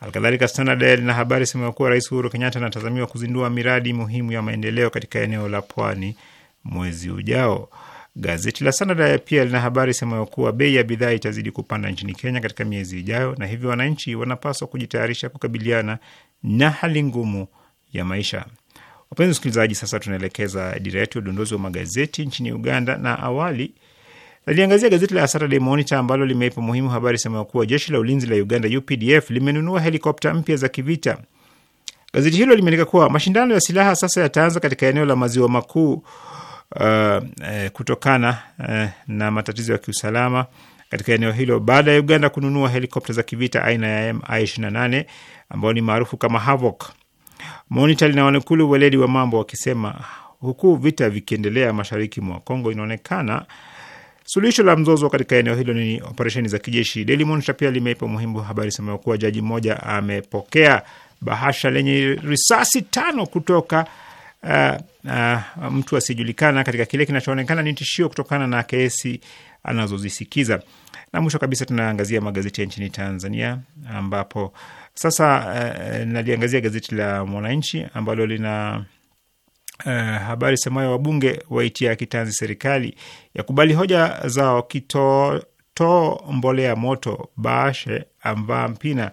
Alkadhalika, Standard lina habari sema kuwa Rais Uhuru Kenyatta anatazamiwa kuzindua miradi muhimu ya maendeleo katika eneo la pwani mwezi ujao. Gazeti la Standard pia lina habari ya kuwa bei ya bidhaa itazidi kupanda nchini Kenya katika miezi ijayo, na hivyo wananchi wanapaswa kujitayarisha kukabiliana na hali ngumu ya maisha. Wapenzi wasikilizaji, sasa tunaelekeza dira yetu ya udondozi wa magazeti nchini Uganda, na awali naliangazia gazeti la Saturday Monitor ambalo limeipa muhimu habari sema kuwa jeshi la ulinzi la Uganda UPDF limenunua helikopta mpya za kivita. Gazeti hilo limeandika kuwa mashindano ya silaha sasa yataanza katika eneo la maziwa makuu Uh, eh, kutokana eh, na matatizo ya kiusalama katika eneo hilo baada ya Uganda kununua helikopta za kivita aina ya MI 28 ambayo ni maarufu kama Havoc. Monitor linawanukulu weledi wa mambo wakisema, huku vita vikiendelea mashariki mwa Kongo, inaonekana suluhisho la mzozo katika eneo hilo ni operesheni za kijeshi. Daily Monitor pia limeipa muhimu habari sema kuwa jaji mmoja amepokea bahasha lenye risasi tano kutoka uh, uh, mtu asiyejulikana katika kile kinachoonekana ni tishio kutokana na kesi anazozisikiza. Na mwisho kabisa tunaangazia magazeti ya nchini Tanzania ambapo sasa eh, naliangazia gazeti la Mwananchi ambalo lina eh, habari semayo wabunge waitia kitanzi serikali yakubali hoja zao, Kitotoo mbolea moto, Bashe amvaa Mpina.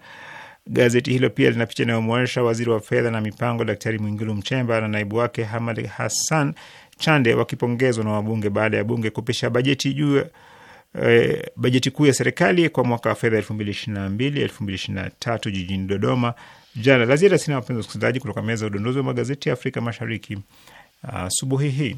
Gazeti hilo pia lina picha inayomwonyesha waziri wa fedha na mipango Daktari Mwingilu mchemba na naibu wake Hamad Hassan Chande wakipongezwa na wabunge baada ya bunge kupisha bajeti juu Eh, bajeti kuu ya serikali kwa mwaka wa fedha 2022 2023 jijini Dodoma jana. La ziada sina, wapenzi wasikilizaji, kutoka meza ya udondozi wa magazeti ya Afrika Mashariki asubuhi hii.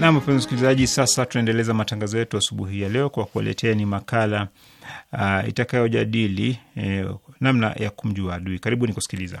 Nam, mpenzi msikilizaji, sasa tunaendeleza matangazo yetu asubuhi ya leo kwa kuwaletea ni makala uh, itakayojadili eh, namna ya kumjua adui. Karibuni kusikiliza.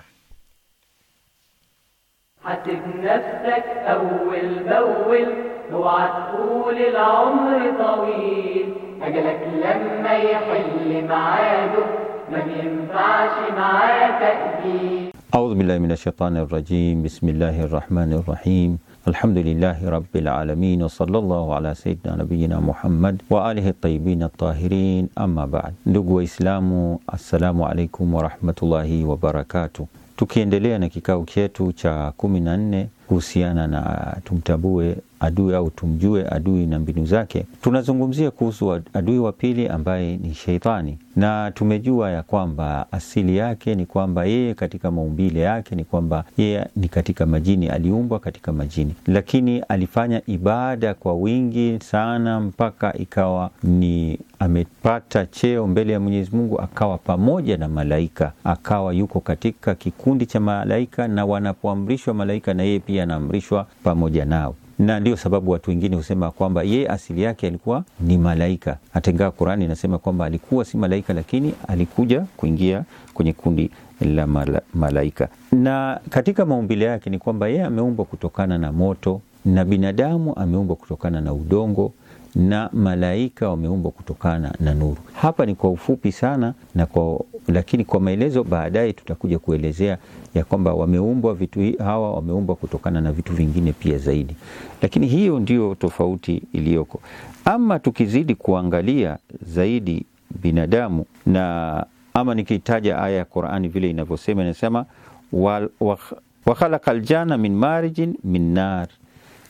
Audhu billahi minash rajim. Bismillahi rahmani rahim Alhamdulillahi rabbil alamin wa sallallahu ala sayyidina nabiyina Muhammad wa alihi tayyibin tahirin, amma ba'd. Ndugu Waislamu, assalamu alaikum warahmatullahi wabarakatuh. Tukiendelea na kikao chetu cha kumi na nne kuhusiana na tumtambue adui au tumjue adui na mbinu zake. Tunazungumzia kuhusu adui wa pili ambaye ni Sheitani, na tumejua ya kwamba asili yake ni kwamba yeye katika maumbile yake ni kwamba yeye ni katika majini, aliumbwa katika majini, lakini alifanya ibada kwa wingi sana mpaka ikawa ni amepata cheo mbele ya Mwenyezi Mungu, akawa pamoja na malaika, akawa yuko katika kikundi cha malaika, na wanapoamrishwa malaika na yeye pia anaamrishwa pamoja nao na ndio sababu watu wengine husema kwamba yeye asili yake alikuwa ni malaika, hata ingawa Qurani inasema kwamba alikuwa si malaika, lakini alikuja kuingia kwenye kundi la mala, malaika. Na katika maumbile yake ni kwamba yeye ameumbwa kutokana na moto na binadamu ameumbwa kutokana na udongo na malaika wameumbwa kutokana na nuru. Hapa ni kwa ufupi sana na kwa, lakini kwa maelezo baadaye tutakuja kuelezea ya kwamba wameumbwa vitu hawa wameumbwa kutokana na vitu vingine pia zaidi, lakini hiyo ndio tofauti iliyoko. Ama tukizidi kuangalia zaidi binadamu na ama nikitaja aya ya Qur'ani vile inavyosema, inasema wa, wa, wa khalaqa aljana min marijin min nar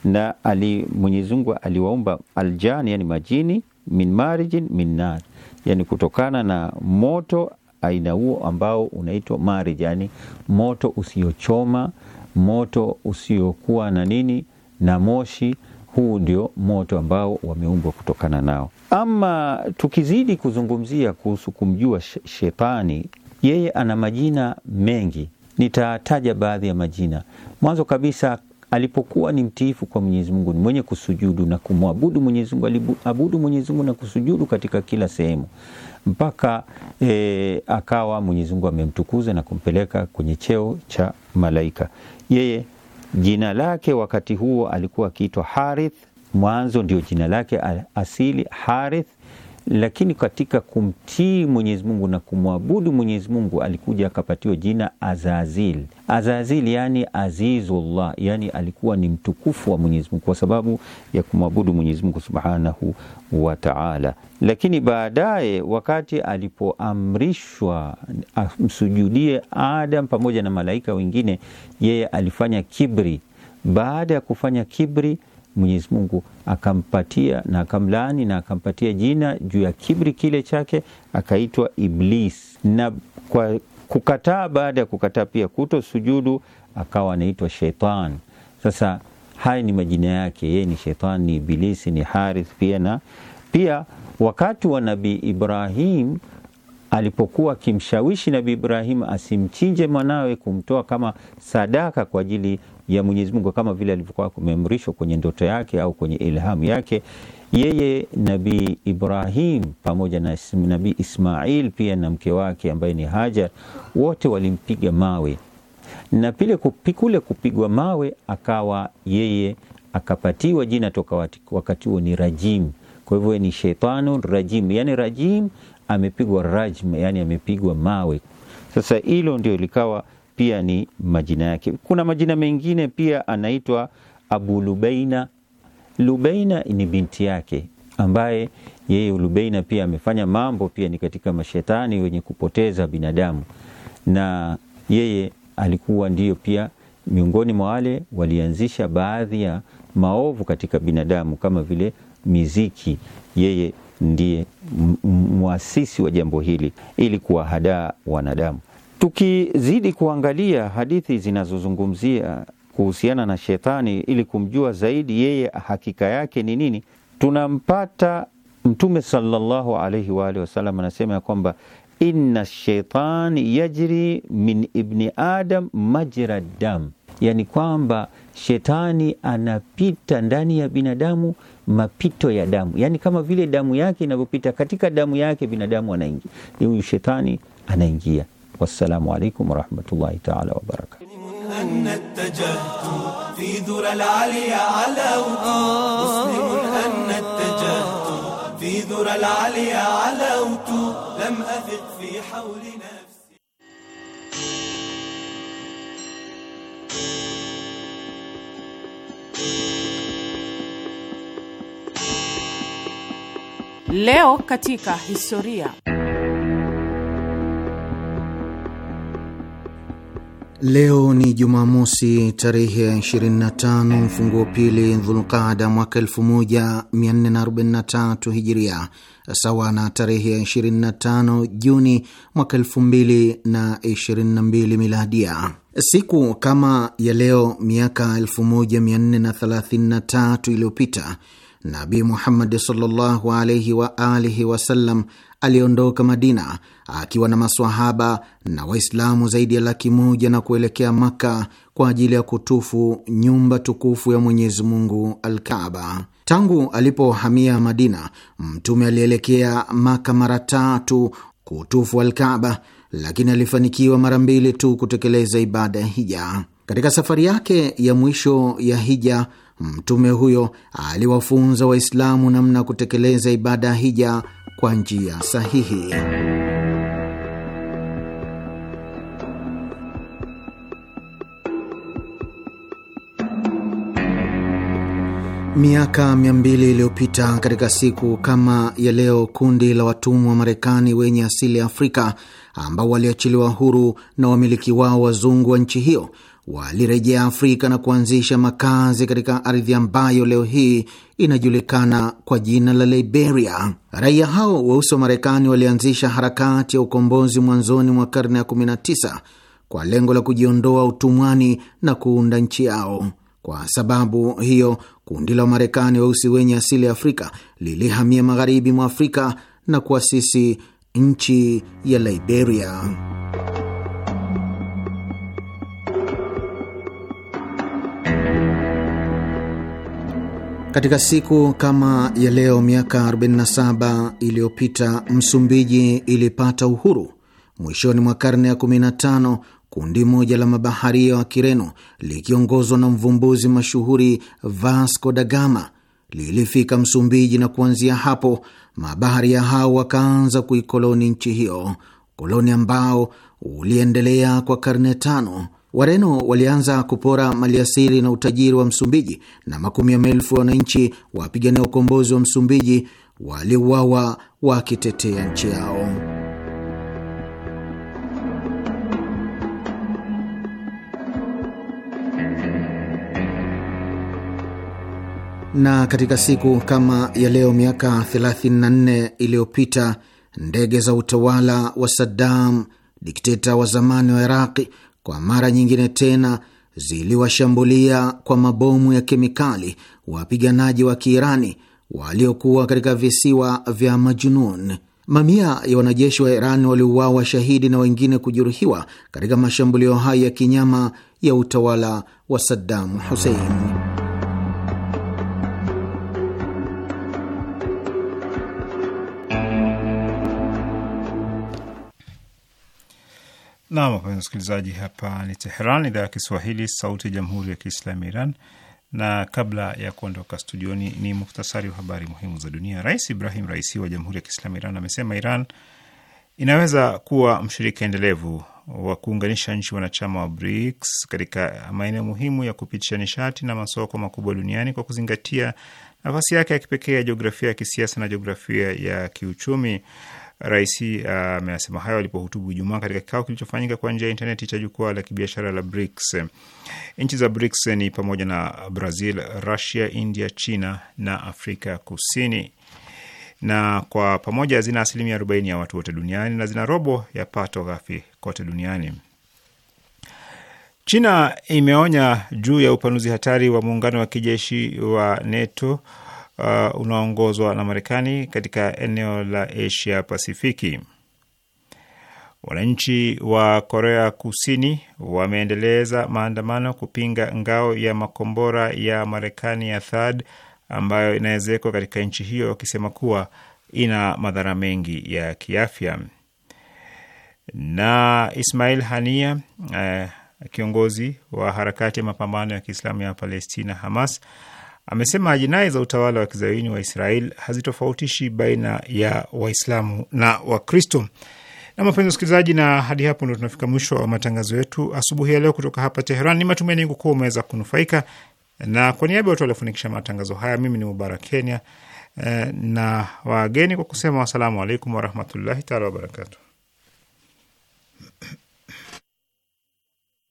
na ali Mwenyezi Mungu aliwaumba aljan, yani majini, min marijin min nar, yani kutokana na moto aina huo ambao unaitwa marij, yani moto usiochoma, moto usiokuwa na nini na moshi. Huu ndio moto ambao wameumbwa kutokana nao. Ama tukizidi kuzungumzia kuhusu kumjua shetani, yeye ana majina mengi, nitataja baadhi ya majina. Mwanzo kabisa alipokuwa ni mtiifu kwa Mwenyezi Mungu, ni mwenye kusujudu na kumwabudu Mwenyezi Mungu, aliabudu Mwenyezi Mungu na kusujudu katika kila sehemu mpaka e, akawa Mwenyezi Mungu amemtukuza na kumpeleka kwenye cheo cha malaika. Yeye jina lake wakati huo alikuwa akiitwa Harith, mwanzo ndio jina lake asili Harith lakini katika kumtii Mwenyezi Mungu na kumwabudu Mwenyezi Mungu alikuja akapatiwa jina Azazil. Azazil yani Azizullah, yani alikuwa ni mtukufu wa Mwenyezi Mungu kwa sababu ya kumwabudu Mwenyezi Mungu Subhanahu wa Ta'ala. Lakini baadaye wakati alipoamrishwa amsujudie Adam pamoja na malaika wengine, yeye alifanya kibri. Baada ya kufanya kibri Mwenyezi Mungu akampatia na akamlaani na akampatia jina juu ya kibri kile chake, akaitwa Iblis, na kwa kukataa, baada ya kukataa pia kuto sujudu, akawa anaitwa Shetani. Sasa haya ni majina yake, yeye ni Shetani, ni iblisi ni Harith pia. Na pia wakati wa Nabii Ibrahim alipokuwa akimshawishi Nabii Ibrahim asimchinje mwanawe kumtoa kama sadaka kwa ajili ya Mwenyezi Mungu kama vile alivyokuwa kumeamrishwa kwenye ndoto yake au kwenye ilhamu yake. Yeye Nabii Ibrahim pamoja na Nabii Ismail pia na mke wake ambaye ni Hajar, wote walimpiga mawe, na pile kule kupigwa mawe akawa yeye akapatiwa jina toka wakati huo ni Rajim. Kwa hivyo ni sheitanu rajim, yani rajim amepigwa rajm, yani amepigwa mawe. Sasa hilo ndio likawa pia ni majina yake. Kuna majina mengine pia anaitwa Abu Lubaina. Lubaina ni binti yake ambaye yeye Lubaina pia amefanya mambo pia ni katika mashetani wenye kupoteza binadamu, na yeye alikuwa ndiyo pia miongoni mwa wale walianzisha baadhi ya maovu katika binadamu kama vile miziki. Yeye ndiye mwasisi wa jambo hili ili kuwahadaa wanadamu. Tukizidi kuangalia hadithi zinazozungumzia kuhusiana na shetani ili kumjua zaidi yeye hakika yake ni nini, tunampata Mtume sallallahu alaihi wa alihi wasallam anasema ya kwamba inna shaitani yajri min ibni adam majra dam, yani kwamba shetani anapita ndani ya binadamu mapito ya damu, yani kama vile damu yake inavyopita katika damu yake binadamu anaingia, huyu shetani anaingia والسلام عليكم ورحمة الله تعالى وبركاته أن اتجهت في ذرى العليا علو مسلم أن اتجهت في ذرى العليا علوت لم أثق في حول نفسي Leo katika historia. Leo ni Jumamosi tarehe ya 25 mfunguo pili Dhulqada mwaka 1443 Hijiria, sawa na tarehe ya 25 Juni mwaka 2022 Miladia. Siku kama ya leo miaka 1433 iliyopita Nabi Muhammad sallallahu alaihi wa alihi wasallam aliondoka Madina akiwa na maswahaba na Waislamu zaidi ya laki moja na kuelekea Maka kwa ajili ya kutufu nyumba tukufu ya Mwenyezi Mungu, Alkaaba. Tangu alipohamia Madina, Mtume alielekea Maka mara tatu kutufu alkaba lakini alifanikiwa mara mbili tu kutekeleza ibada ya hija. Katika safari yake ya mwisho ya hija mtume huyo aliwafunza Waislamu namna ya kutekeleza ibada ya hija kwa njia sahihi. Miaka mia mbili iliyopita katika siku kama ya leo, kundi la watumwa wa Marekani wenye asili ya Afrika ambao waliachiliwa huru na wamiliki wao wazungu wa nchi hiyo walirejea Afrika na kuanzisha makazi katika ardhi ambayo leo hii inajulikana kwa jina la Liberia. Raia hao weusi wa Marekani walianzisha harakati ya ukombozi mwanzoni mwa karne ya 19 kwa lengo la kujiondoa utumwani na kuunda nchi yao. Kwa sababu hiyo, kundi la Wamarekani weusi wenye asili ya Afrika lilihamia magharibi mwa Afrika na kuasisi nchi ya Liberia. Katika siku kama ya leo miaka 47 iliyopita Msumbiji ilipata uhuru. Mwishoni mwa karne ya 15 kundi moja la mabaharia wa Kireno likiongozwa na mvumbuzi mashuhuri Vasco da Gama lilifika Msumbiji, na kuanzia hapo mabaharia hao wakaanza kuikoloni nchi hiyo, koloni ambao uliendelea kwa karne tano. Wareno walianza kupora maliasili na utajiri wa Msumbiji, na makumi ya maelfu ya wananchi wapigania ukombozi wa Msumbiji waliuawa wakitetea nchi yao. na katika siku kama ya leo miaka 34 iliyopita ndege za utawala wa Saddam, dikteta wa zamani wa Iraqi, kwa mara nyingine tena ziliwashambulia kwa mabomu ya kemikali wapiganaji wa Kiirani waliokuwa katika visiwa vya Majunun. Mamia ya wanajeshi wa Iran waliuawa shahidi na wengine kujeruhiwa katika mashambulio hayo ya kinyama ya utawala wa Saddam Hussein. Naam, wapenzi wasikilizaji, hapa ni Teheran, idhaa ya Kiswahili, sauti ya jamhuri ya kiislamu ya Iran. Na kabla ya kuondoka studioni, ni muktasari wa habari muhimu za dunia. Rais Ibrahim Raisi wa Jamhuri ya Kiislamu Iran amesema Iran inaweza kuwa mshirika endelevu wa kuunganisha nchi wanachama wa BRICS katika maeneo muhimu ya kupitisha nishati na masoko makubwa duniani kwa kuzingatia nafasi yake ya kipekee ya jiografia ya kisiasa na jiografia ya kiuchumi. Rais uh, ameyasema uh, hayo alipohutubu Ijumaa katika kikao kilichofanyika kwa njia ya intaneti cha jukwaa la kibiashara la BRICS. Nchi za BRICS ni pamoja na Brazil, Russia, India, China na Afrika Kusini, na kwa pamoja zina asilimia 40 ya watu wote duniani na zina robo ya pato ghafi kote duniani. China imeonya juu ya upanuzi hatari wa muungano wa kijeshi wa NATO uh, unaoongozwa na Marekani katika eneo la Asia Pasifiki. Wananchi wa Korea Kusini wameendeleza maandamano kupinga ngao ya makombora ya Marekani ya THAD ambayo inawezekwa katika nchi hiyo, wakisema kuwa ina madhara mengi ya kiafya. Na Ismail Hania eh, kiongozi wa harakati ya mapambano ya Kiislamu ya Palestina Hamas amesema jinai za utawala wa kizayuni wa Israel hazitofautishi baina ya Waislamu na Wakristo. Na mapenzi wasikilizaji, na hadi hapo ndio tunafika mwisho wa matangazo yetu asubuhi ya leo kutoka hapa Teheran. Ni matumaini yangu kuwa umeweza kunufaika, na kwa niaba ya watu waliofanikisha matangazo haya, mimi ni Mubarak Kenya eh, na wageni kwa kusema wasalamu alaikum warahmatullahi taala wabarakatu.